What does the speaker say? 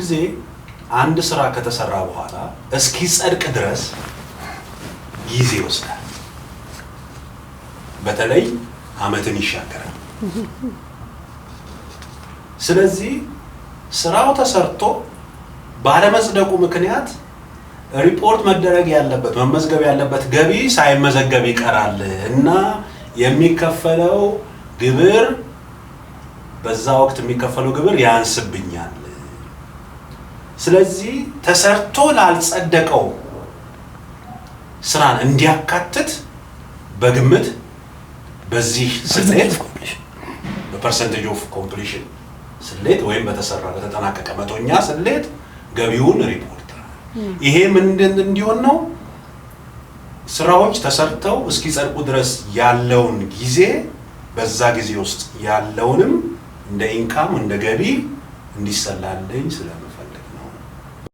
ጊዜ አንድ ስራ ከተሰራ በኋላ እስኪ ጸድቅ ድረስ ጊዜ ይወስዳል። በተለይ አመትን ይሻገራል። ስለዚህ ስራው ተሰርቶ ባለመጽደቁ ምክንያት ሪፖርት መደረግ ያለበት መመዝገብ ያለበት ገቢ ሳይመዘገብ ይቀራል እና የሚከፈለው ግብር በዛ ወቅት የሚከፈለው ግብር ያንስብኝ ስለዚህ ተሰርቶ ላልጸደቀው ስራን እንዲያካትት በግምት በዚህ ስሌት በፐርሰንቴጅ ኦፍ ኮምፕሊሽን ስሌት ወይም በተሰራ በተጠናቀቀ መቶኛ ስሌት ገቢውን ሪፖርት ይሄ ምንድን እንዲሆን ነው ስራዎች ተሰርተው እስኪጸድቁ ድረስ ያለውን ጊዜ በዛ ጊዜ ውስጥ ያለውንም እንደ ኢንካም እንደ ገቢ እንዲሰላልኝ ስለምፈልግ